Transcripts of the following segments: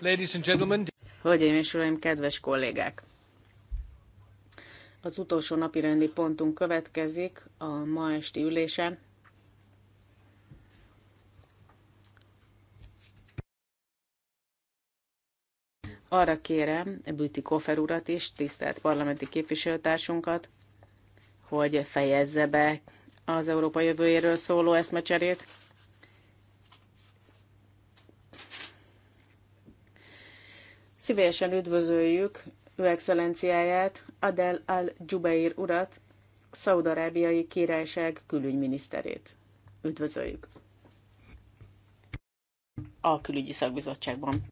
Ladies and gentlemen. Hölgyeim és uraim, kedves kollégák! Az utolsó napi rendi pontunk következik a ma esti ülésen. Arra kérem Büti Kofer urat is, tisztelt parlamenti képviselőtársunkat, hogy fejezze be az Európa jövőjéről szóló eszmecserét. Szívesen üdvözöljük ő excellenciáját, Adel al-Jubeir urat, Szaudarábiai Királyság külügyminiszterét. Üdvözöljük! A külügyi szakbizottságban.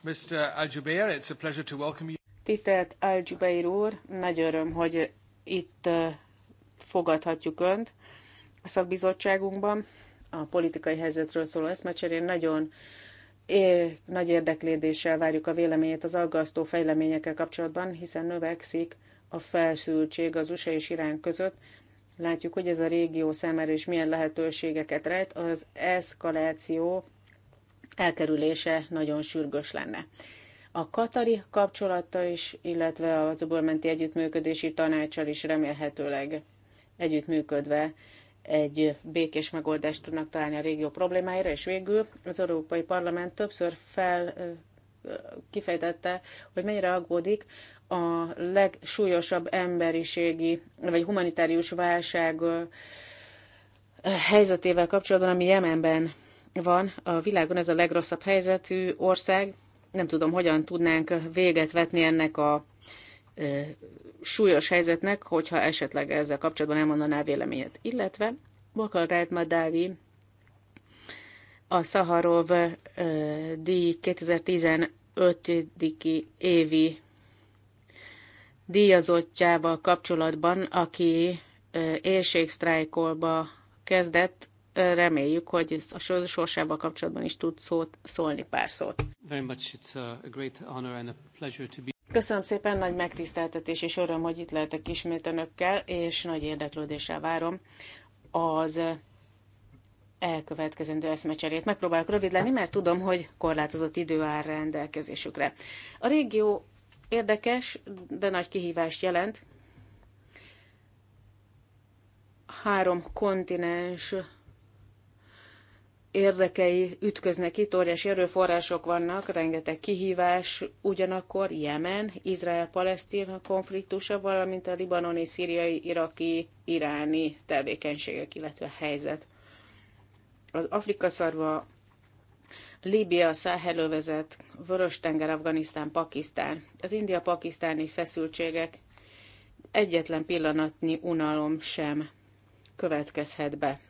Mr. al Jubair, it's a pleasure to welcome you. Tisztelt Al-Jubeir úr, nagy öröm, hogy itt fogadhatjuk Önt a szakbizottságunkban. A politikai helyzetről szóló eszmecserén nagyon ér, nagy érdeklődéssel várjuk a véleményét az aggasztó fejleményekkel kapcsolatban, hiszen növekszik a felszültség az USA és Irán között. Látjuk, hogy ez a régió számára is milyen lehetőségeket rejt. Az eszkaláció elkerülése nagyon sürgős lenne. A katari kapcsolata is, illetve az öbölmenti együttműködési tanácsal is remélhetőleg együttműködve egy békés megoldást tudnak találni a régió problémáira, és végül az Európai Parlament többször fel kifejtette, hogy mennyire aggódik a legsúlyosabb emberiségi vagy humanitárius válság helyzetével kapcsolatban, ami Jemenben van. A világon ez a legrosszabb helyzetű ország. Nem tudom, hogyan tudnánk véget vetni ennek a súlyos helyzetnek, hogyha esetleg ezzel kapcsolatban elmondaná véleményet. Illetve Bakarát Madávi a Szaharov díj 2015. évi díjazottjával kapcsolatban, aki éjségsztrájkolba kezdett, reméljük, hogy a sorsával kapcsolatban is tud szót, szólni pár szót. Very much it's a great honor and a pleasure to be Köszönöm szépen, nagy megtiszteltetés és öröm, hogy itt lehetek ismét önökkel, és nagy érdeklődéssel várom az elkövetkezendő eszmecserét. Megpróbálok rövid lenni, mert tudom, hogy korlátozott idő áll rendelkezésükre. A régió érdekes, de nagy kihívást jelent. Három kontinens érdekei ütköznek itt, óriási erőforrások vannak, rengeteg kihívás, ugyanakkor Jemen, izrael palesztin konfliktusa, valamint a libanoni, szíriai, iraki, iráni tevékenységek, illetve helyzet. Az Afrika szarva, Líbia, Száhelővezet, Vörös-tenger, Afganisztán, Pakisztán, az india-pakisztáni feszültségek egyetlen pillanatnyi unalom sem következhet be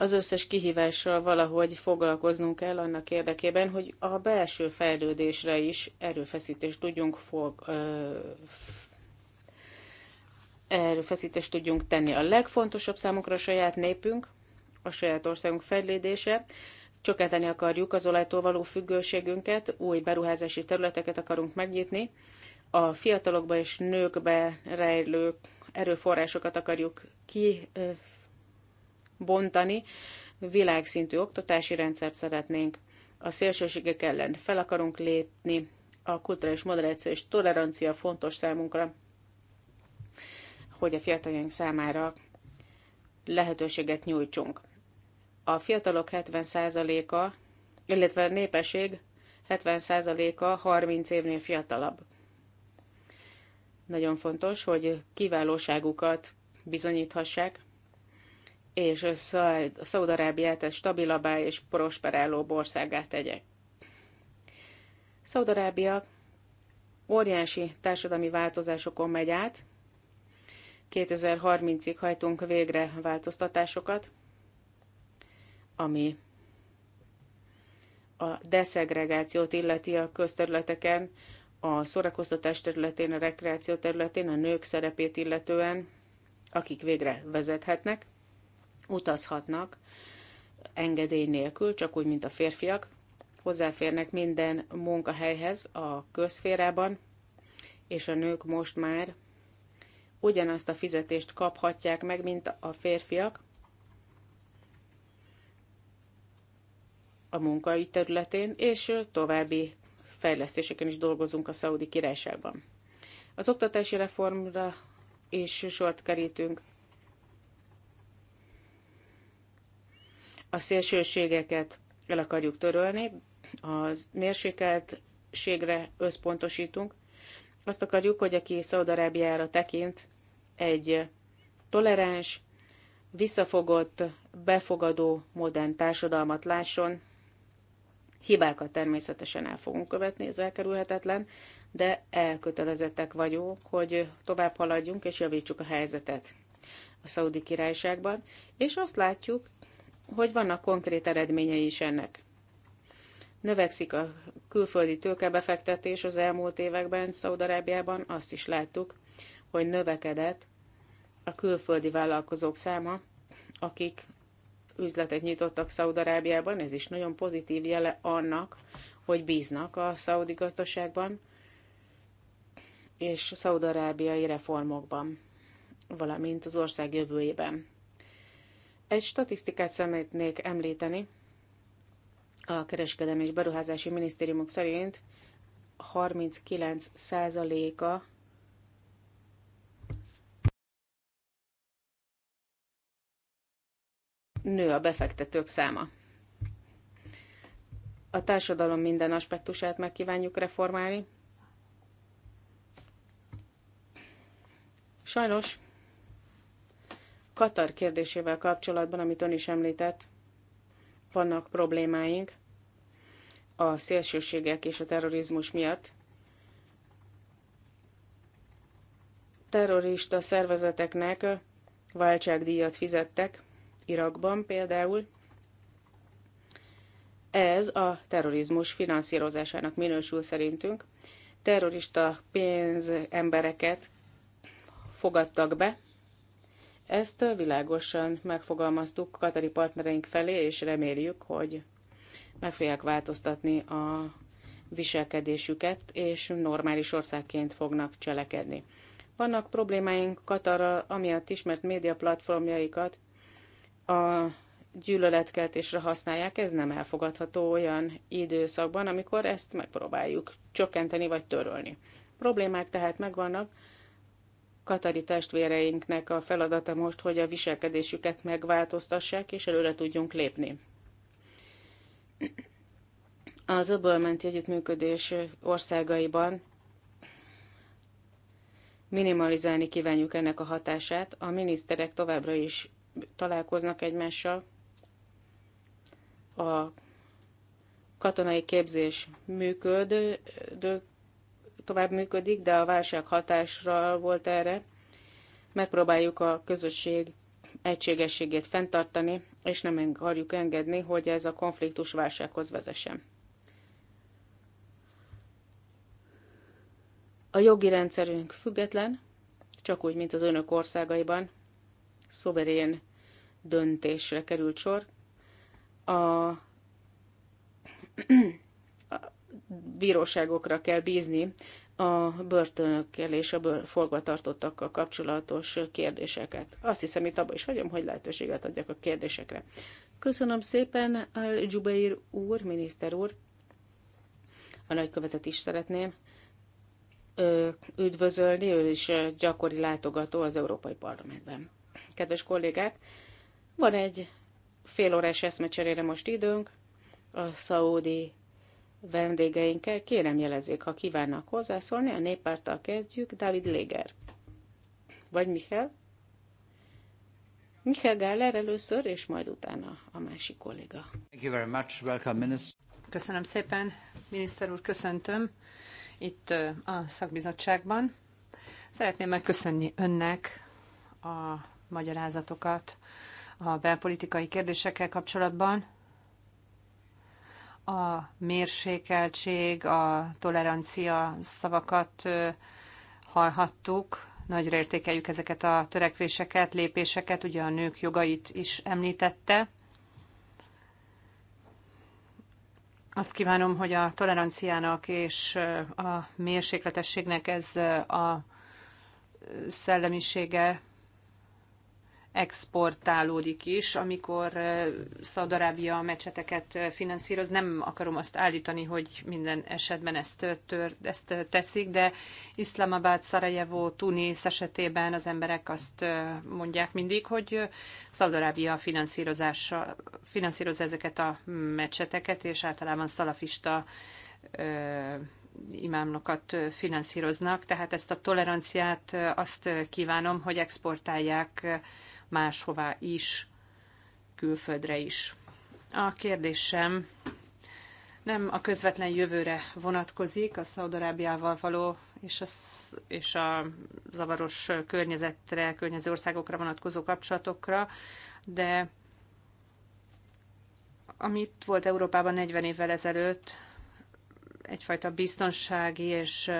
az összes kihívással valahogy foglalkoznunk kell annak érdekében, hogy a belső fejlődésre is erőfeszítést tudjunk fog, ö, erőfeszítést tudjunk tenni. A legfontosabb számunkra a saját népünk, a saját országunk fejlődése, csökkenteni akarjuk az olajtól való függőségünket, új beruházási területeket akarunk megnyitni, a fiatalokba és nőkbe rejlő erőforrásokat akarjuk ki bontani, világszintű oktatási rendszert szeretnénk, a szélsőségek ellen fel akarunk lépni, a kulturális moderáció és tolerancia fontos számunkra, hogy a fiataljaink számára lehetőséget nyújtsunk. A fiatalok 70%-a, illetve a népesség 70%-a 30 évnél fiatalabb. Nagyon fontos, hogy kiválóságukat bizonyíthassák, és Szaudarábiát egy stabilabbá és prosperálóbb országát tegyek. Szaudarábia óriási társadalmi változásokon megy át, 2030-ig hajtunk végre változtatásokat, ami a deszegregációt illeti a közterületeken, a szórakoztatás területén, a rekreáció területén, a nők szerepét illetően, akik végre vezethetnek utazhatnak engedély nélkül, csak úgy, mint a férfiak. Hozzáférnek minden munkahelyhez a közférában, és a nők most már ugyanazt a fizetést kaphatják meg, mint a férfiak a munkai területén, és további fejlesztéseken is dolgozunk a Szaudi Királyságban. Az oktatási reformra is sort kerítünk, a szélsőségeket el akarjuk törölni, az mérsékeltségre összpontosítunk. Azt akarjuk, hogy aki Szaudarábiára tekint, egy toleráns, visszafogott, befogadó, modern társadalmat lásson. Hibákat természetesen el fogunk követni, ez elkerülhetetlen, de elkötelezettek vagyunk, hogy tovább haladjunk és javítsuk a helyzetet a Szaudi királyságban, és azt látjuk, hogy vannak konkrét eredményei is ennek. Növekszik a külföldi tőkebefektetés az elmúlt években Szaudarábiában, azt is láttuk, hogy növekedett a külföldi vállalkozók száma, akik üzletet nyitottak Szaudarábiában, ez is nagyon pozitív jele annak, hogy bíznak a szaudi gazdaságban és szaudarábiai reformokban, valamint az ország jövőjében. Egy statisztikát szeretnék említeni. A kereskedelmi és beruházási minisztériumok szerint 39%-a nő a befektetők száma. A társadalom minden aspektusát megkívánjuk reformálni. Sajnos Katar kérdésével kapcsolatban, amit ön is említett, vannak problémáink a szélsőségek és a terrorizmus miatt. Terrorista szervezeteknek váltságdíjat fizettek, Irakban például. Ez a terrorizmus finanszírozásának minősül szerintünk. Terrorista pénz embereket fogadtak be, ezt világosan megfogalmaztuk katari partnereink felé, és reméljük, hogy meg fogják változtatni a viselkedésüket, és normális országként fognak cselekedni. Vannak problémáink Katarral, amiatt ismert média platformjaikat a gyűlöletkeltésre használják, ez nem elfogadható olyan időszakban, amikor ezt megpróbáljuk csökkenteni vagy törölni. Problémák tehát megvannak, Katari testvéreinknek a feladata most, hogy a viselkedésüket megváltoztassák, és előre tudjunk lépni. Az öbölmenti együttműködés országaiban minimalizálni kívánjuk ennek a hatását. A miniszterek továbbra is találkoznak egymással. A katonai képzés működő tovább működik, de a válság hatásra volt erre. Megpróbáljuk a közösség egységességét fenntartani, és nem akarjuk engedni, hogy ez a konfliktus válsághoz vezessen. A jogi rendszerünk független, csak úgy, mint az önök országaiban, szoverén döntésre került sor. A bíróságokra kell bízni a börtönökkel és a forgatartottakkal kapcsolatos kérdéseket. Azt hiszem, itt abban is vagyom, hogy lehetőséget adjak a kérdésekre. Köszönöm szépen, Al-Jubeir úr, miniszter úr. A nagykövetet is szeretném üdvözölni, ő is gyakori látogató az Európai Parlamentben. Kedves kollégák, van egy fél órás eszmecserére most időnk, a szaudi vendégeinkkel. Kérem jelezzék, ha kívánnak hozzászólni, a néppárttal kezdjük, David Léger. Vagy Michel? Michel Gáller először, és majd utána a másik kolléga. Thank you very much. Welcome, minister. Köszönöm szépen, miniszter úr, köszöntöm itt a szakbizottságban. Szeretném megköszönni önnek a magyarázatokat a belpolitikai kérdésekkel kapcsolatban a mérsékeltség, a tolerancia szavakat hallhattuk, nagyra értékeljük ezeket a törekvéseket, lépéseket, ugye a nők jogait is említette. Azt kívánom, hogy a toleranciának és a mérsékletességnek ez a szellemisége exportálódik is, amikor Szaudarábia mecseteket finanszíroz. Nem akarom azt állítani, hogy minden esetben ezt, tör, ezt teszik, de Islamabad, Sarajevo, Tunis esetében az emberek azt mondják mindig, hogy Szaudarábia finanszírozza ezeket a mecseteket, és általában szalafista imámnokat finanszíroznak, tehát ezt a toleranciát azt kívánom, hogy exportálják máshová is, külföldre is. A kérdésem nem a közvetlen jövőre vonatkozik, a Szaudarábiával való és a, és a zavaros környezetre, környező országokra vonatkozó kapcsolatokra, de amit volt Európában 40 évvel ezelőtt, egyfajta biztonsági és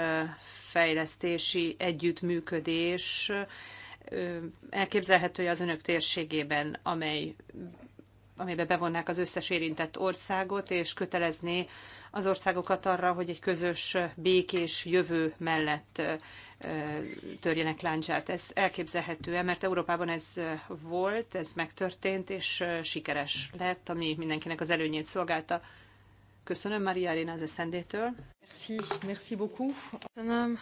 fejlesztési együttműködés, hogy az önök térségében, amely, amelybe bevonnák az összes érintett országot, és kötelezni az országokat arra, hogy egy közös békés jövő mellett törjenek láncsát. Ez elképzelhető, mert Európában ez volt, ez megtörtént, és sikeres lett, ami mindenkinek az előnyét szolgálta. Köszönöm Maria Arena az eszendétől. Merci, merci beaucoup. Köszönöm.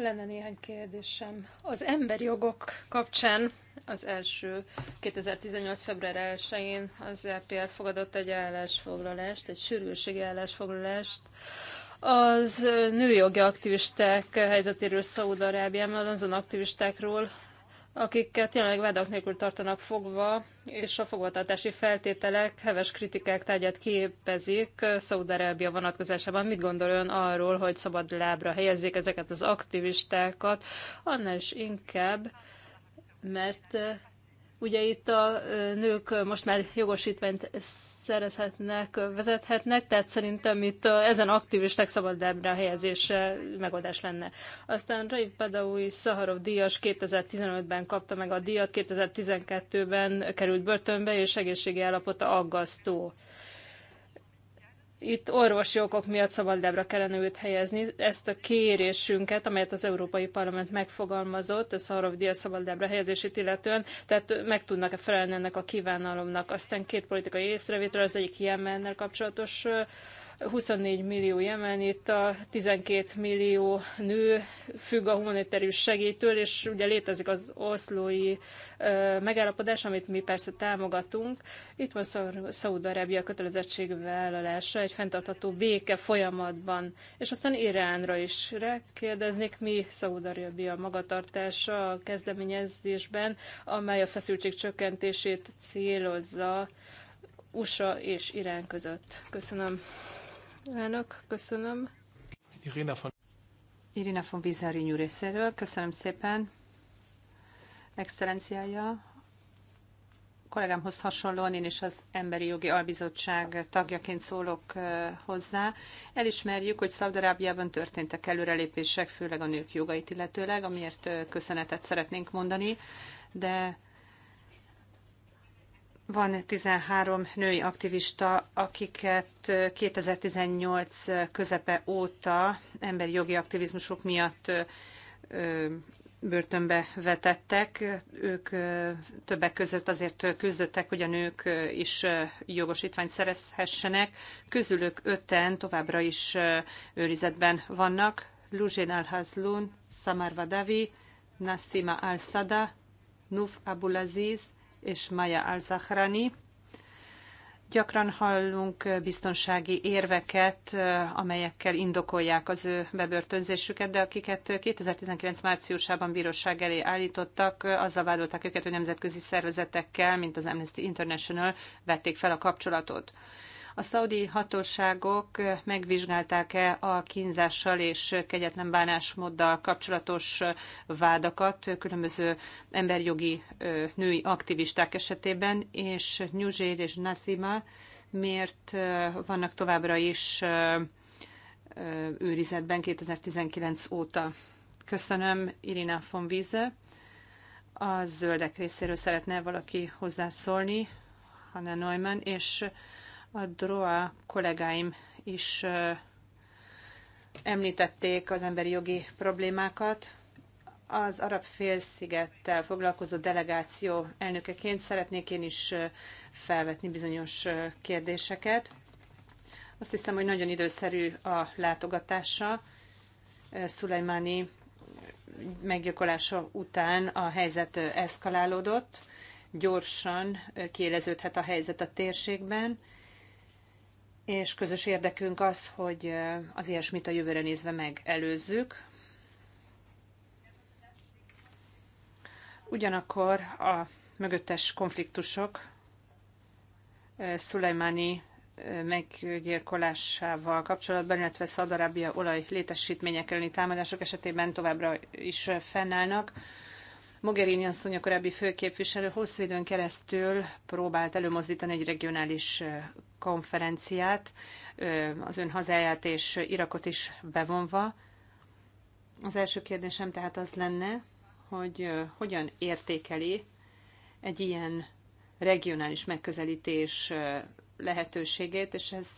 Lenne néhány kérdésem. Az emberi jogok kapcsán az első 2018. február 1-én az EP elfogadott egy állásfoglalást, egy sürgősségi állásfoglalást, az nőjogi aktivisták helyzetéről Szaúd-Arábiában, azon aktivistákról, akiket jelenleg vádak nélkül tartanak fogva, és a fogvatartási feltételek heves kritikák tárgyát képezik Szaudarábia vonatkozásában. Mit gondol ön arról, hogy szabad lábra helyezzék ezeket az aktivistákat, annál is inkább, mert Ugye itt a nők most már jogosítványt szerezhetnek, vezethetnek, tehát szerintem itt ezen aktivisták szabadábbra helyezése megoldás lenne. Aztán Raif Badawi Szaharov díjas 2015-ben kapta meg a díjat, 2012-ben került börtönbe, és egészségi állapota aggasztó itt orvosi okok miatt szabadlábra kellene őt helyezni. Ezt a kérésünket, amelyet az Európai Parlament megfogalmazott, a Szarov Díaz szabadlábra helyezését illetően, tehát meg tudnak-e felelni ennek a kívánalomnak. Aztán két politikai észrevétel, az egyik Jemennel kapcsolatos 24 millió jemenit, a 12 millió nő függ a humanitárius segélytől, és ugye létezik az oszlói megállapodás, amit mi persze támogatunk. Itt van Szaúd-Arábia vállalása, egy fenntartható béke folyamatban, és aztán Iránra is rákérdeznék, mi Szaúd-Arábia magatartása a kezdeményezésben, amely a feszültség csökkentését célozza USA és Irán között. Köszönöm. Elnök, köszönöm. Irina von, Irina von Bizari részéről, köszönöm szépen. Excellenciája, kollégámhoz hasonlóan én is az Emberi Jogi Albizottság tagjaként szólok hozzá. Elismerjük, hogy Szaudarábiában történtek előrelépések, főleg a nők jogait illetőleg, amiért köszönetet szeretnénk mondani, de van 13 női aktivista, akiket 2018 közepe óta emberi jogi aktivizmusok miatt börtönbe vetettek. Ők többek között azért küzdöttek, hogy a nők is jogosítványt szerezhessenek. Közülük öten továbbra is őrizetben vannak. Luzsén Al-Hazlun, Samar Vadavi, Nassima Al-Sada, Nuf Abulaziz, és Maya al-Zahrani. Gyakran hallunk biztonsági érveket, amelyekkel indokolják az ő bebörtönzésüket, de akiket 2019 márciusában bíróság elé állítottak, azzal vádolták őket, hogy nemzetközi szervezetekkel, mint az Amnesty International vették fel a kapcsolatot. A szaudi hatóságok megvizsgálták-e a kínzással és kegyetlen bánásmóddal kapcsolatos vádakat különböző emberjogi női aktivisták esetében, és Nyuzsér és Nazima, miért vannak továbbra is őrizetben 2019 óta. Köszönöm Irina von Wiese. A zöldek részéről szeretne valaki hozzászólni, Hanna Neumann, és a DROA kollégáim is említették az emberi jogi problémákat. Az arab félszigettel foglalkozó delegáció elnökeként szeretnék én is felvetni bizonyos kérdéseket. Azt hiszem, hogy nagyon időszerű a látogatása. Szulajmáni meggyilkolása után a helyzet eszkalálódott, gyorsan kiéleződhet a helyzet a térségben, és közös érdekünk az, hogy az ilyesmit a jövőre nézve megelőzzük. Ugyanakkor a mögöttes konfliktusok Szulajmáni meggyilkolásával kapcsolatban, illetve Szadarabia olaj létesítmények elleni támadások esetében továbbra is fennállnak. Mogherini asszony, a korábbi főképviselő hosszú időn keresztül próbált előmozdítani egy regionális konferenciát, az ön hazáját és Irakot is bevonva. Az első kérdésem tehát az lenne, hogy hogyan értékeli egy ilyen regionális megközelítés lehetőségét, és ez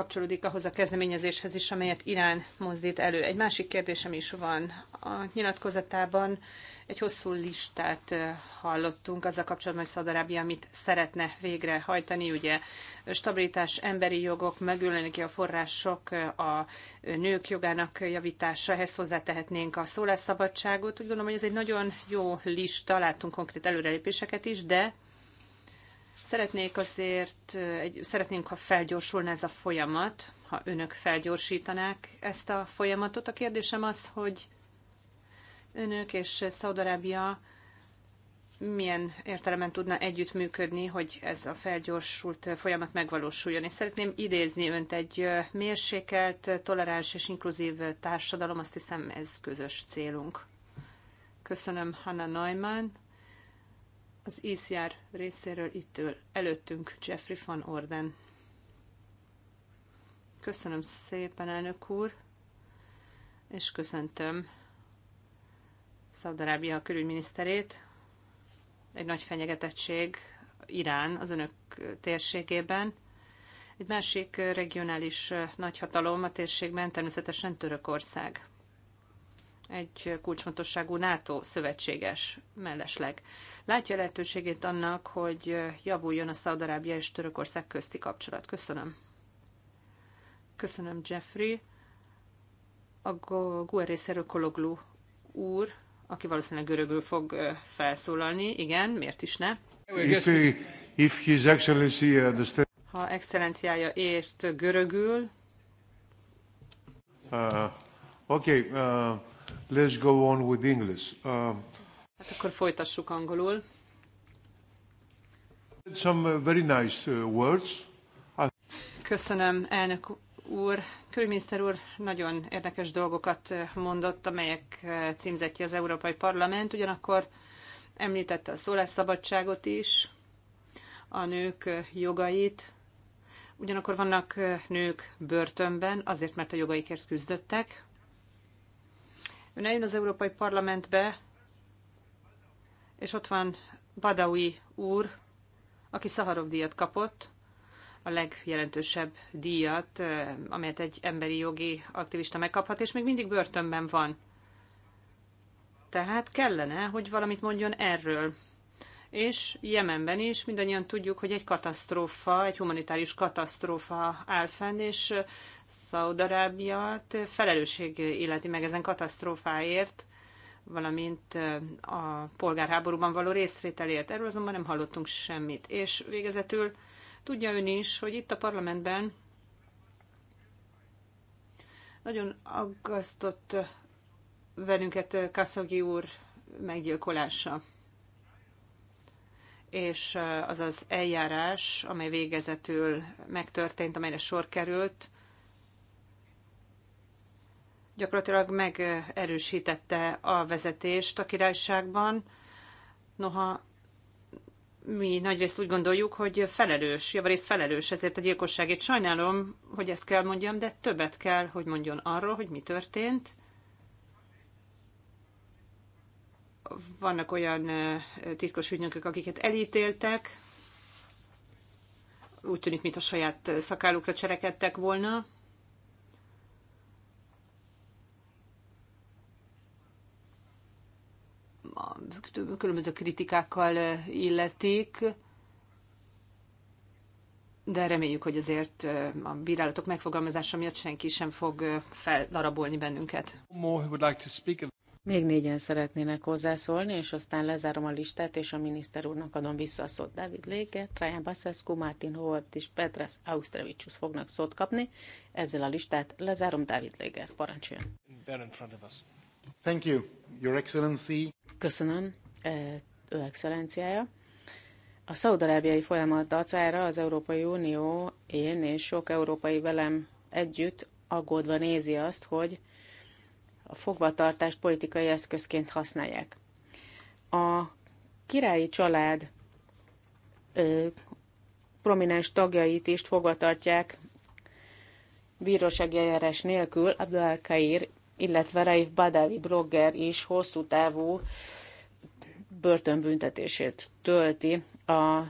kapcsolódik ahhoz a kezdeményezéshez is, amelyet Irán mozdít elő. Egy másik kérdésem is van. A nyilatkozatában egy hosszú listát hallottunk azzal kapcsolatban, hogy Szadarábia mit szeretne végrehajtani, ugye stabilitás, emberi jogok, megülnek a források, a nők jogának javítása, ehhez hozzátehetnénk a szólásszabadságot. Úgy gondolom, hogy ez egy nagyon jó lista, láttunk konkrét előrelépéseket is, de Szeretnék azért, egy, szeretnénk, ha felgyorsulna ez a folyamat, ha önök felgyorsítanák ezt a folyamatot. A kérdésem az, hogy önök és Szaudarábia milyen értelemben tudna együttműködni, hogy ez a felgyorsult folyamat megvalósuljon. És szeretném idézni önt egy mérsékelt, toleráns és inkluzív társadalom, azt hiszem ez közös célunk. Köszönöm Hanna Neumann. Az ICR e részéről itt ül előttünk Jeffrey van Orden. Köszönöm szépen, elnök úr, és köszöntöm Szaudarábia külügyminiszterét. Egy nagy fenyegetettség Irán az önök térségében. Egy másik regionális nagyhatalom a térségben természetesen Törökország egy kulcsfontosságú NATO szövetséges mellesleg. Látja lehetőségét annak, hogy javuljon a Szaudarábia és Törökország közti kapcsolat. Köszönöm. Köszönöm, Jeffrey. A GUE részéről úr, aki valószínűleg görögül fog felszólalni. Igen, miért is ne? If, he, uh, if his excellency uh, Ha excellenciája ért görögül... Uh, okay, uh... Let's go on with English. Uh, hát akkor folytassuk angolul. Some uh, very nice uh, words. Köszönöm, elnök úr. Külminiszter úr nagyon érdekes dolgokat uh, mondott, amelyek címzetje az Európai Parlament, ugyanakkor említette a szólásszabadságot is, a nők jogait, ugyanakkor vannak nők börtönben, azért, mert a jogaikért küzdöttek, Ön eljön az Európai Parlamentbe, és ott van Badawi úr, aki Szaharov díjat kapott, a legjelentősebb díjat, amelyet egy emberi jogi aktivista megkaphat, és még mindig börtönben van. Tehát kellene, hogy valamit mondjon erről és Jemenben is mindannyian tudjuk, hogy egy katasztrófa, egy humanitárius katasztrófa áll fenn, és Szaudarábiát felelősség illeti meg ezen katasztrófáért, valamint a polgárháborúban való részvételért. Erről azonban nem hallottunk semmit. És végezetül tudja ön is, hogy itt a parlamentben nagyon aggasztott velünket Kaszagi úr meggyilkolása és az az eljárás, amely végezetül megtörtént, amelyre sor került, gyakorlatilag megerősítette a vezetést a királyságban. Noha mi nagyrészt úgy gondoljuk, hogy felelős, javarészt felelős ezért a gyilkosságért. Sajnálom, hogy ezt kell mondjam, de többet kell, hogy mondjon arról, hogy mi történt, vannak olyan titkos ügynökök, akiket elítéltek, úgy tűnik, mint a saját szakálukra cserekedtek volna. Különböző kritikákkal illetik, de reméljük, hogy azért a bírálatok megfogalmazása miatt senki sem fog feldarabolni bennünket. Még négyen szeretnének hozzászólni, és aztán lezárom a listát, és a miniszter úrnak adom vissza a szót. David Léger, Traján Baszeszkó, Martin Howard és Petras Austrevicius fognak szót kapni. Ezzel a listát lezárom. David Léger, parancsoljon. Thank you, Your Excellency. Köszönöm, e, Ő Excellenciája. A szaudarábiai folyamat dacára az Európai Unió, én és sok európai velem együtt aggódva nézi azt, hogy a fogvatartást politikai eszközként használják. A királyi család ö, prominens tagjait is fogvatartják bírósági eljárás nélkül, Abdel Kair, illetve Raif Badawi blogger is hosszú távú börtönbüntetését tölti a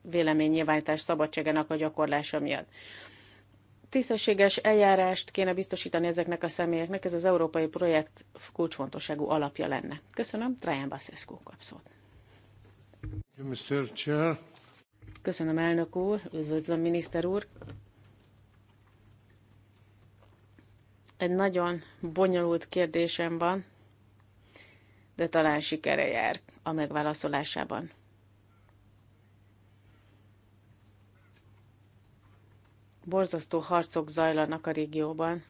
véleménynyilvánítás szabadságának a gyakorlása miatt tisztességes eljárást kéne biztosítani ezeknek a személyeknek, ez az európai projekt kulcsfontosságú alapja lenne. Köszönöm, Traján Basescu kapszót. Köszönöm, elnök úr, üdvözlöm, miniszter úr. Egy nagyon bonyolult kérdésem van, de talán sikere jár a megválaszolásában. Borzasztó harcok zajlanak a régióban.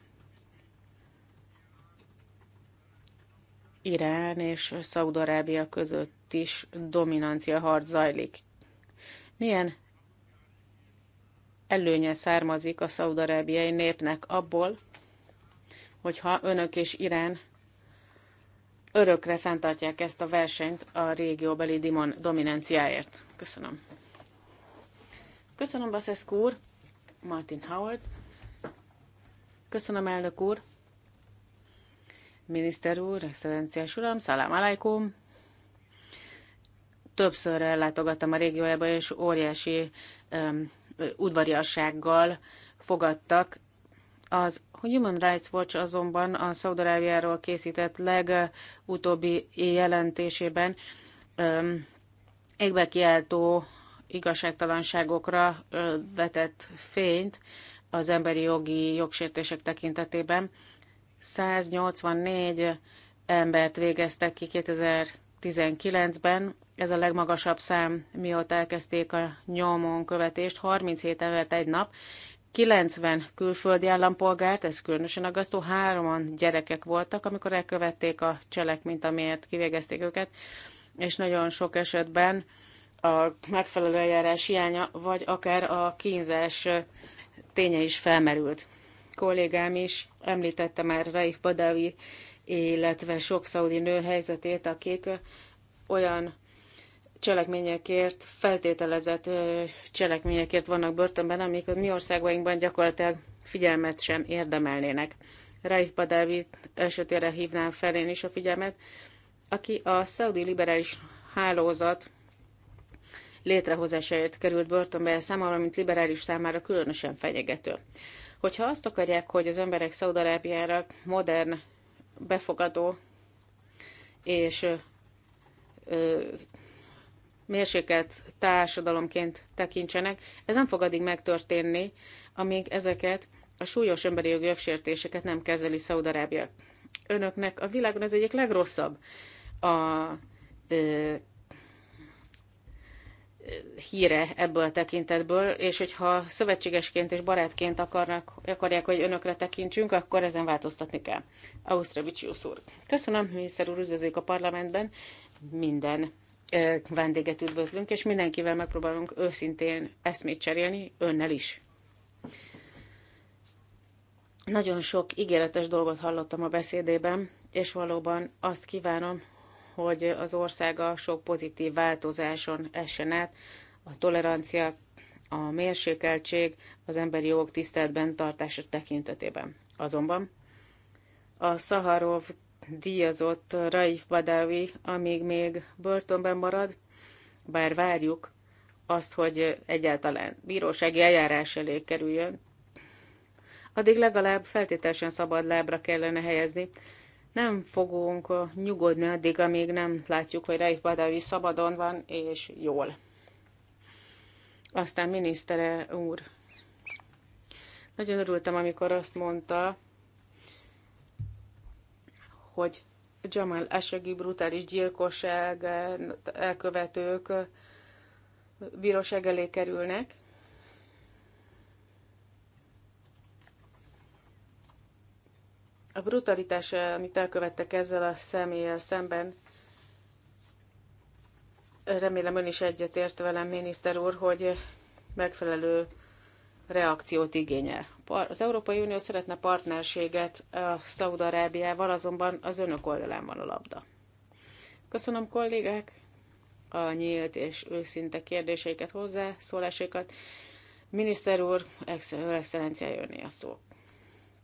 Irán és Szaudarábia között is dominancia harc zajlik. Milyen előnye származik a szaudarábiai népnek abból, hogyha önök és Irán örökre fenntartják ezt a versenyt a régióbeli dimon dominanciáért. Köszönöm. Köszönöm, Baszesz úr. Martin Howard. Köszönöm, elnök úr. Miniszter úr, excellenciás uram, szalám alaikum. Többször ellátogattam a régiójába, és óriási um, udvariassággal fogadtak. Az Human Rights Watch azonban a Szaudarábiáról készített legutóbbi jelentésében um, égbe kiáltó igazságtalanságokra vetett fényt az emberi jogi jogsértések tekintetében. 184 embert végeztek ki 2019-ben, ez a legmagasabb szám, mióta elkezdték a nyomon követést, 37 embert egy nap, 90 külföldi állampolgárt, ez különösen aggasztó, hároman gyerekek voltak, amikor elkövették a cselekményt, amiért kivégezték őket, és nagyon sok esetben a megfelelő eljárás hiánya, vagy akár a kínzás ténye is felmerült. Kollégám is említette már Raif Badawi, illetve sok szaudi nő helyzetét, akik olyan cselekményekért, feltételezett cselekményekért vannak börtönben, amik a mi országainkban gyakorlatilag figyelmet sem érdemelnének. Raif Badawi esetére hívnám fel én is a figyelmet, aki a szaudi liberális hálózat létrehozásáért került börtönbe, számomra, mint liberális számára különösen fenyegető. Hogyha azt akarják, hogy az emberek Szaudarábiára modern, befogadó és ö, mérsékelt társadalomként tekintsenek, ez nem fog addig megtörténni, amíg ezeket a súlyos emberi jogi jogsértéseket nem kezeli Szaudarábia. Önöknek a világon ez egyik legrosszabb a ö, híre ebből a tekintetből, és hogyha szövetségesként és barátként akarnak, akarják, hogy önökre tekintsünk, akkor ezen változtatni kell. Ausztravicius úr. Köszönöm, miniszter úr, üdvözlők a parlamentben. Minden vendéget üdvözlünk, és mindenkivel megpróbálunk őszintén eszmét cserélni, önnel is. Nagyon sok ígéretes dolgot hallottam a beszédében, és valóban azt kívánom, hogy az országa sok pozitív változáson essen át, a tolerancia, a mérsékeltség, az emberi jogok tiszteletben tartása tekintetében. Azonban a Szaharov díjazott Raif Badawi, amíg még börtönben marad, bár várjuk azt, hogy egyáltalán bírósági eljárás elé kerüljön, addig legalább feltételesen szabad lábra kellene helyezni. Nem fogunk nyugodni addig, amíg nem látjuk, hogy Raif Badawi szabadon van és jól. Aztán minisztere úr. Nagyon örültem, amikor azt mondta, hogy Jamal Ashagi brutális gyilkosság elkövetők bíróság elé kerülnek. A brutalitás, amit elkövettek ezzel a személlyel szemben, remélem ön is egyetért velem, miniszter úr, hogy megfelelő reakciót igényel. Az Európai Unió szeretne partnerséget Szaúd-Arábiával, azonban az önök oldalán van a labda. Köszönöm kollégák a nyílt és őszinte kérdéseiket, hozzászólásaikat. Miniszter úr, excellencia jönni a szó.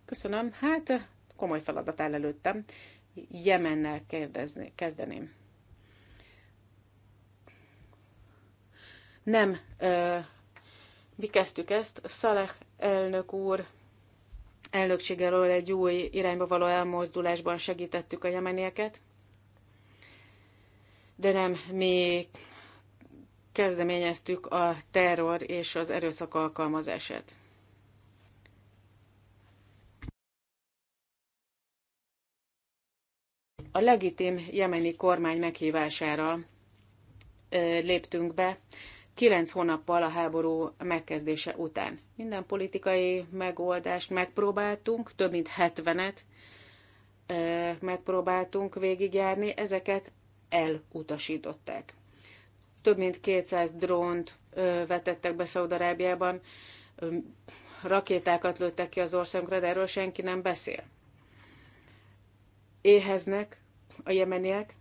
Köszönöm. Hát komoly feladat áll előttem. Jemennel kezdeném. nem ö, mi kezdtük ezt, Szaleh elnök úr elnökségelől egy új irányba való elmozdulásban segítettük a jemenieket, de nem mi kezdeményeztük a terror és az erőszak alkalmazását. A legitim jemeni kormány meghívására léptünk be, kilenc hónappal a háború megkezdése után. Minden politikai megoldást megpróbáltunk, több mint 70-et megpróbáltunk végigjárni, ezeket elutasították. Több mint 200 drónt vetettek be Szaudarábiában, rakétákat lőttek ki az országunkra, de erről senki nem beszél. Éheznek a jemeniek,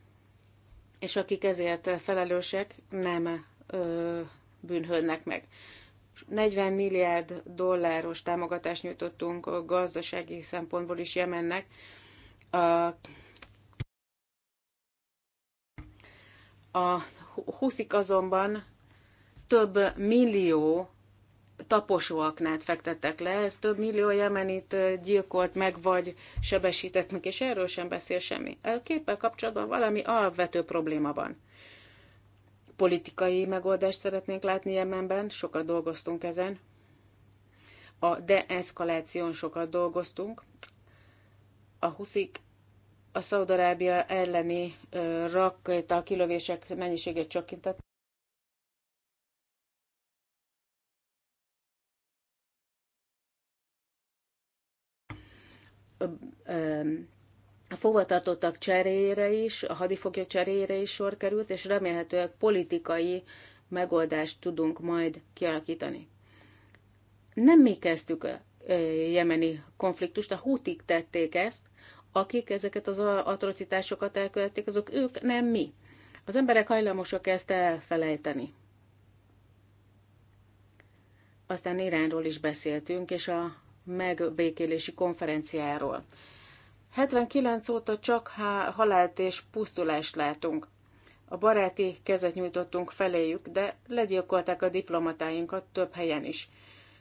és akik ezért felelősek, nem ö, bűnhődnek meg. 40 milliárd dolláros támogatást nyújtottunk a gazdasági szempontból is Jemennek. A, a huszik azonban több millió taposóaknát fektettek le, ez több millió jemenit gyilkolt meg, vagy sebesített meg, és erről sem beszél semmi. A képpel kapcsolatban valami alapvető probléma van. Politikai megoldást szeretnénk látni Jemenben, sokat dolgoztunk ezen. A deeszkaláción sokat dolgoztunk. A huszik a Szaudarábia elleni rakéta kilövések mennyiségét csökkentett a fogvatartottak cseréjére is, a hadifoglyok cseréjére is sor került, és remélhetőleg politikai megoldást tudunk majd kialakítani. Nem mi kezdtük a jemeni konfliktust, a hútik tették ezt, akik ezeket az atrocitásokat elkövették, azok ők, nem mi. Az emberek hajlamosak ezt elfelejteni. Aztán Iránról is beszéltünk, és a megbékélési konferenciáról. 79 óta csak halált és pusztulást látunk. A baráti kezet nyújtottunk feléjük, de legyilkolták a diplomatáinkat több helyen is.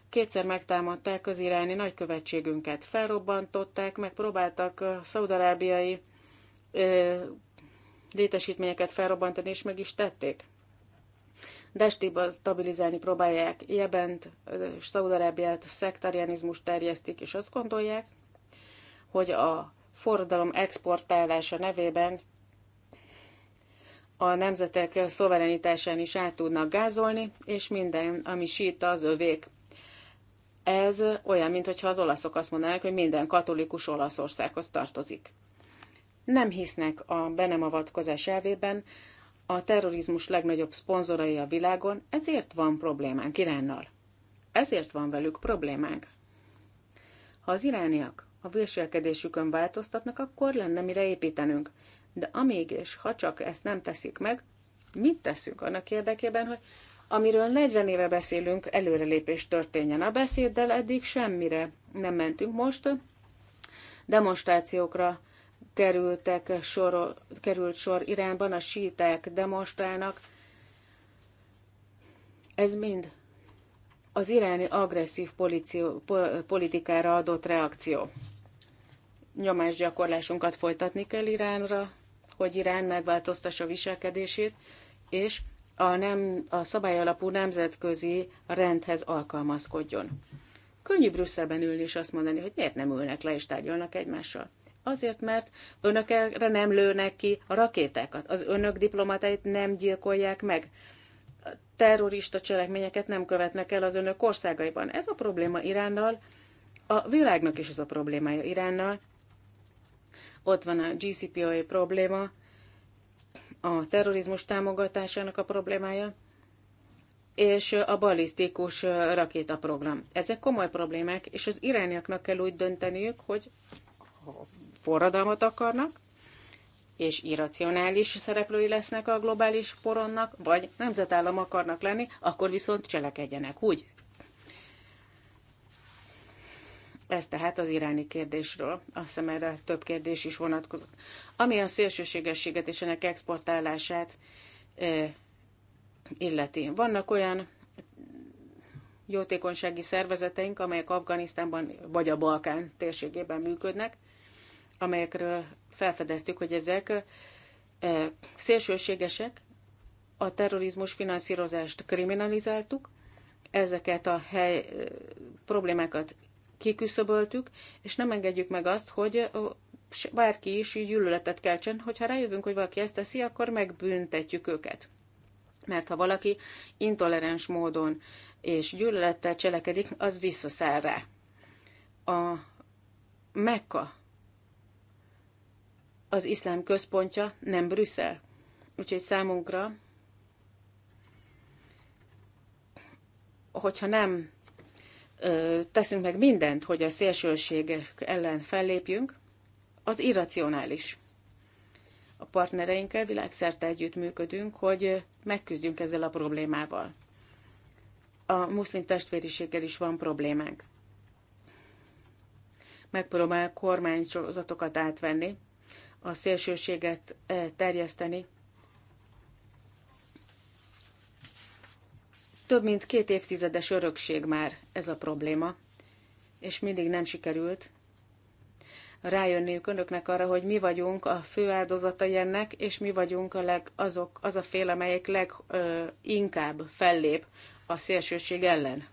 Kétszer megtámadták az iráni nagykövetségünket, felrobbantották, megpróbáltak a szaudarábiai ö, létesítményeket felrobbantani, és meg is tették. Destiba stabilizálni próbálják Jebent, Szaudarábiát, szektarianizmus terjesztik, és azt gondolják, hogy a forradalom exportálása nevében a nemzetek szoverenitásán is át tudnak gázolni, és minden, ami síta, az övék. Ez olyan, mintha az olaszok azt mondanák, hogy minden katolikus Olaszországhoz tartozik. Nem hisznek a benemavatkozás elvében, a terrorizmus legnagyobb szponzorai a világon, ezért van problémánk Iránnal. Ezért van velük problémánk. Ha az irániak ha viselkedésükön változtatnak, akkor lenne mire építenünk. De amíg és ha csak ezt nem teszik meg, mit teszünk annak érdekében, hogy amiről 40 éve beszélünk, előrelépés történjen a beszéddel, eddig semmire nem mentünk most. Demonstrációkra kerültek sor, került sor Iránban, a síták demonstrálnak. Ez mind az iráni agresszív politikára adott reakció nyomásgyakorlásunkat folytatni kell Iránra, hogy Irán megváltoztassa viselkedését, és a, nem, a szabályalapú nemzetközi rendhez alkalmazkodjon. Könnyű Brüsszelben ülni és azt mondani, hogy miért nem ülnek le és tárgyalnak egymással. Azért, mert önök erre nem lőnek ki a rakétákat, az önök diplomatáit nem gyilkolják meg, a terrorista cselekményeket nem követnek el az önök országaiban. Ez a probléma Iránnal, a világnak is ez a problémája Iránnal, ott van a GCPOA probléma, a terrorizmus támogatásának a problémája, és a balisztikus rakétaprogram. Ezek komoly problémák, és az irányaknak kell úgy dönteniük, hogy forradalmat akarnak, és irracionális szereplői lesznek a globális poronnak, vagy nemzetállam akarnak lenni, akkor viszont cselekedjenek úgy, Ez tehát az iráni kérdésről. Azt hiszem erre több kérdés is vonatkozott. Ami a szélsőségességet és ennek exportálását illeti. Vannak olyan jótékonysági szervezeteink, amelyek Afganisztánban vagy a Balkán térségében működnek, amelyekről felfedeztük, hogy ezek szélsőségesek, a terrorizmus finanszírozást kriminalizáltuk, ezeket a hely problémákat kiküszöböltük, és nem engedjük meg azt, hogy bárki is gyűlöletet keltsen, hogyha rájövünk, hogy valaki ezt teszi, akkor megbüntetjük őket. Mert ha valaki intoleráns módon és gyűlölettel cselekedik, az visszaszáll rá. A Mekka az iszlám központja, nem Brüsszel. Úgyhogy számunkra, hogyha nem teszünk meg mindent, hogy a szélsőségek ellen fellépjünk, az irracionális. A partnereinkkel világszerte együttműködünk, hogy megküzdjünk ezzel a problémával. A muszlim testvériséggel is van problémánk. Megpróbál kormányzatokat átvenni, a szélsőséget eh, terjeszteni, Több mint két évtizedes örökség már ez a probléma, és mindig nem sikerült rájönniük önöknek arra, hogy mi vagyunk a fő áldozatai ennek, és mi vagyunk a leg, azok, az a fél, amelyik leginkább fellép a szélsőség ellen.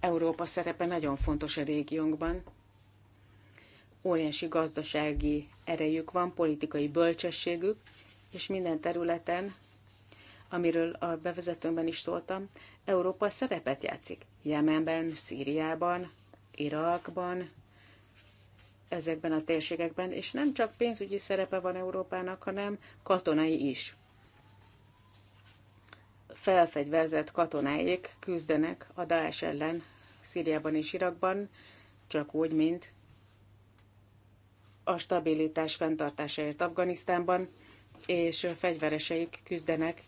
Európa szerepe nagyon fontos a régiónkban, óriási gazdasági erejük van, politikai bölcsességük, és minden területen, amiről a bevezetőmben is szóltam, Európa szerepet játszik. Jemenben, Szíriában, Irakban, ezekben a térségekben, és nem csak pénzügyi szerepe van Európának, hanem katonai is. Felfegyverzett katonáik küzdenek a Daesh ellen Szíriában és Irakban, csak úgy, mint a stabilitás fenntartásáért Afganisztánban, és fegyvereseik küzdenek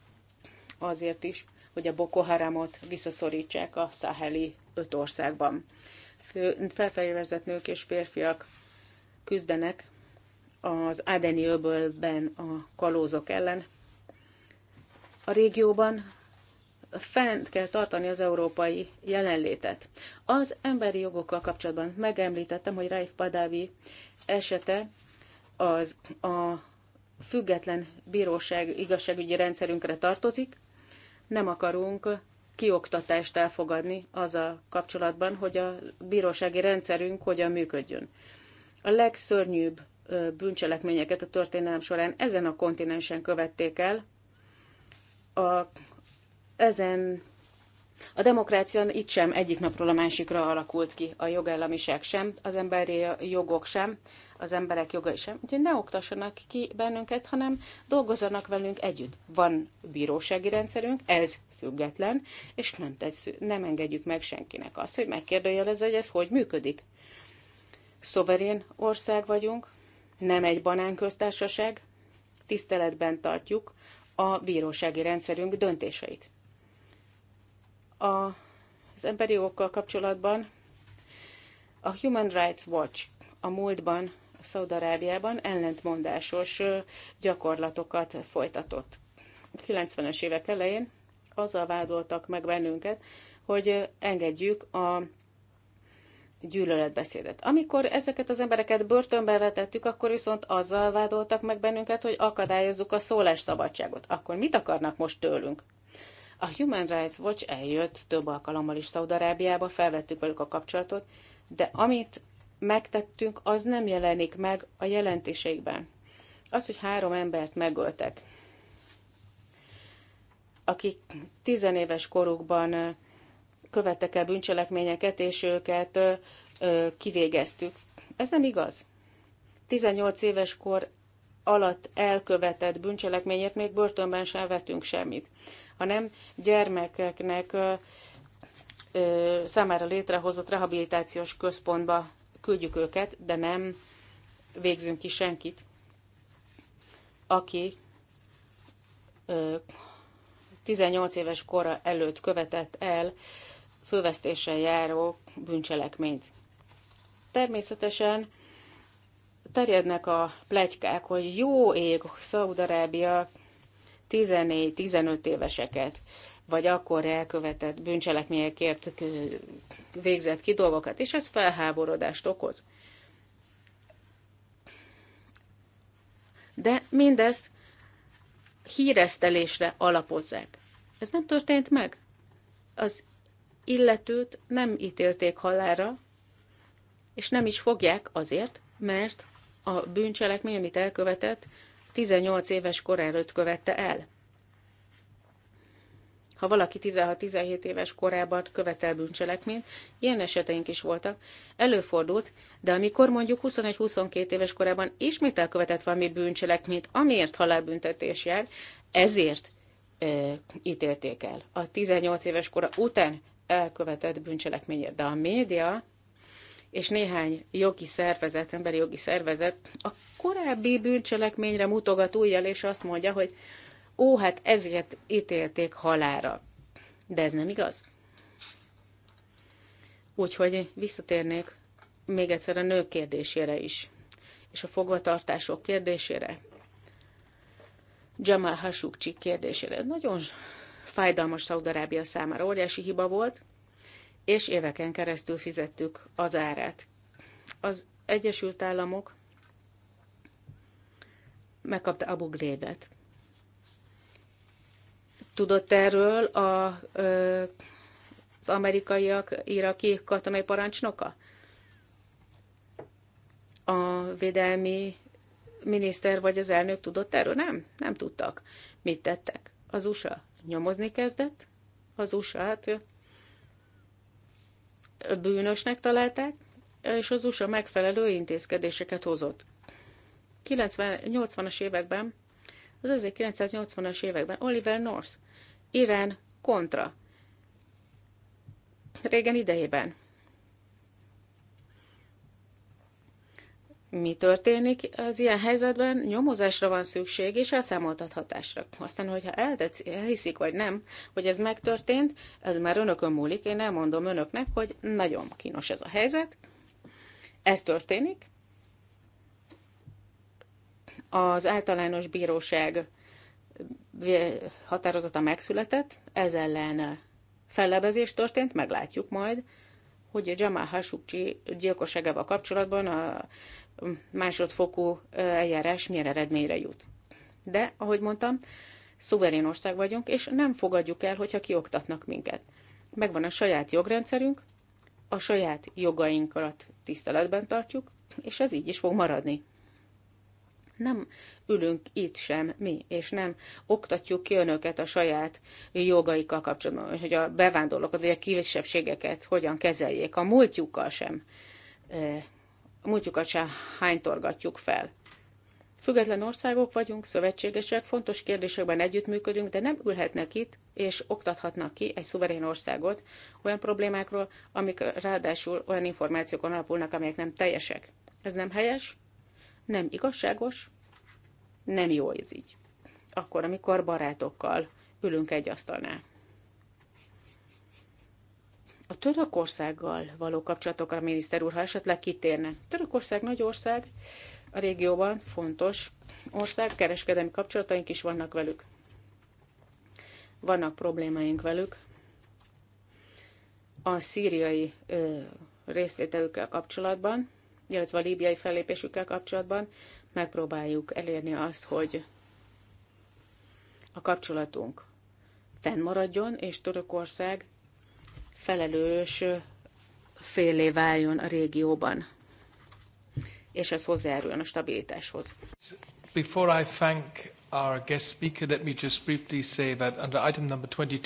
azért is, hogy a Boko Haramot visszaszorítsák a száheli öt országban. Felfegyverzett nők és férfiak küzdenek az Adeni öbölben a kalózok ellen. A régióban fent kell tartani az európai jelenlétet. Az emberi jogokkal kapcsolatban megemlítettem, hogy Raif Badawi esete az a független bíróság igazságügyi rendszerünkre tartozik. Nem akarunk kioktatást elfogadni az a kapcsolatban, hogy a bírósági rendszerünk hogyan működjön. A legszörnyűbb bűncselekményeket a történelem során ezen a kontinensen követték el, a ezen a demokrácia itt sem egyik napról a másikra alakult ki, a jogállamiság sem, az emberi jogok sem, az emberek jogai sem. Úgyhogy ne oktassanak ki bennünket, hanem dolgozzanak velünk együtt. Van bírósági rendszerünk, ez független, és nem, tetsz, nem engedjük meg senkinek azt, hogy megkérdőjelezze, hogy ez hogy működik. Szoverén ország vagyunk, nem egy banánköztársaság, tiszteletben tartjuk a bírósági rendszerünk döntéseit az emberi jogokkal kapcsolatban a Human Rights Watch a múltban a Szaudarábiában ellentmondásos gyakorlatokat folytatott. 90-es évek elején azzal vádoltak meg bennünket, hogy engedjük a gyűlöletbeszédet. Amikor ezeket az embereket börtönbe vetettük, akkor viszont azzal vádoltak meg bennünket, hogy akadályozzuk a szólásszabadságot. Akkor mit akarnak most tőlünk? A Human Rights Watch eljött több alkalommal is Szaudarábiába, felvettük velük a kapcsolatot, de amit megtettünk, az nem jelenik meg a jelentéseikben. Az, hogy három embert megöltek, akik tizenéves korukban követtek el bűncselekményeket, és őket kivégeztük. Ez nem igaz. 18 éves kor alatt elkövetett bűncselekményért még börtönben sem vetünk semmit hanem gyermekeknek számára létrehozott rehabilitációs központba küldjük őket, de nem végzünk ki senkit, aki 18 éves kora előtt követett el fővesztéssel járó bűncselekményt. Természetesen terjednek a plegykák, hogy jó ég, Szaudarábia 14-15 éveseket, vagy akkor elkövetett bűncselekményekért végzett ki dolgokat, és ez felháborodást okoz. De mindezt híresztelésre alapozzák. Ez nem történt meg. Az illetőt nem ítélték halára, és nem is fogják azért, mert a bűncselekmény, amit elkövetett, 18 éves kor előtt követte el. Ha valaki 16-17 éves korában követel bűncselekményt, ilyen eseteink is voltak, előfordult, de amikor mondjuk 21-22 éves korában ismét elkövetett valami bűncselekményt, amiért halálbüntetés jár, ezért e, ítélték el. A 18 éves kora után elkövetett bűncselekményért. De a média és néhány jogi szervezet, emberi jogi szervezet a korábbi bűncselekményre mutogat újjal, és azt mondja, hogy ó, hát ezért ítélték halára. De ez nem igaz. Úgyhogy visszatérnék még egyszer a nők kérdésére is, és a fogvatartások kérdésére, Jamal Hasukcsik kérdésére. Ez nagyon fájdalmas Szaudarábia számára óriási hiba volt, és éveken keresztül fizettük az árát. Az Egyesült Államok megkapta Abu Ghraibet. Tudott erről a, az amerikaiak iraki katonai parancsnoka? A védelmi miniszter vagy az elnök tudott erről? Nem, nem tudtak. Mit tettek? Az USA nyomozni kezdett, az USA-t bűnösnek találták, és az USA megfelelő intézkedéseket hozott. 90, 80-as években, az 1980-as években Oliver North, Irán kontra, régen idejében mi történik az ilyen helyzetben, nyomozásra van szükség, és elszámoltathatásra. Aztán, hogyha eltetsz, elhiszik vagy nem, hogy ez megtörtént, ez már önökön múlik, én elmondom önöknek, hogy nagyon kínos ez a helyzet, ez történik. Az általános bíróság határozata megszületett, ez ellen fellebezés történt, meglátjuk majd, hogy Jamal Khashoggi gyilkosságával kapcsolatban a másodfokú eljárás milyen eredményre jut. De, ahogy mondtam, szuverén ország vagyunk, és nem fogadjuk el, hogyha kioktatnak minket. Megvan a saját jogrendszerünk, a saját jogainkat tiszteletben tartjuk, és ez így is fog maradni. Nem ülünk itt sem mi, és nem oktatjuk ki önöket a saját jogaikkal kapcsolatban, hogy a bevándorlókat vagy a kisebbségeket hogyan kezeljék, a múltjukkal sem múltjukat sem hánytorgatjuk fel. Független országok vagyunk, szövetségesek, fontos kérdésekben együttműködünk, de nem ülhetnek itt és oktathatnak ki egy szuverén országot olyan problémákról, amik ráadásul olyan információkon alapulnak, amelyek nem teljesek. Ez nem helyes, nem igazságos, nem jó ez így. Akkor, amikor barátokkal ülünk egy asztalnál. A Törökországgal való kapcsolatokra miniszter úr, ha esetleg kitérne. Törökország nagy ország, a régióban fontos ország, kereskedelmi kapcsolataink is vannak velük. Vannak problémáink velük. A szíriai ö, részvételükkel kapcsolatban, illetve a líbiai fellépésükkel kapcsolatban megpróbáljuk elérni azt, hogy a kapcsolatunk fennmaradjon, és Törökország felelős félé váljon a régióban, és ez hozzájáruljon a stabilitáshoz. Before I thank our guest speaker, let me just briefly say that under item number 22,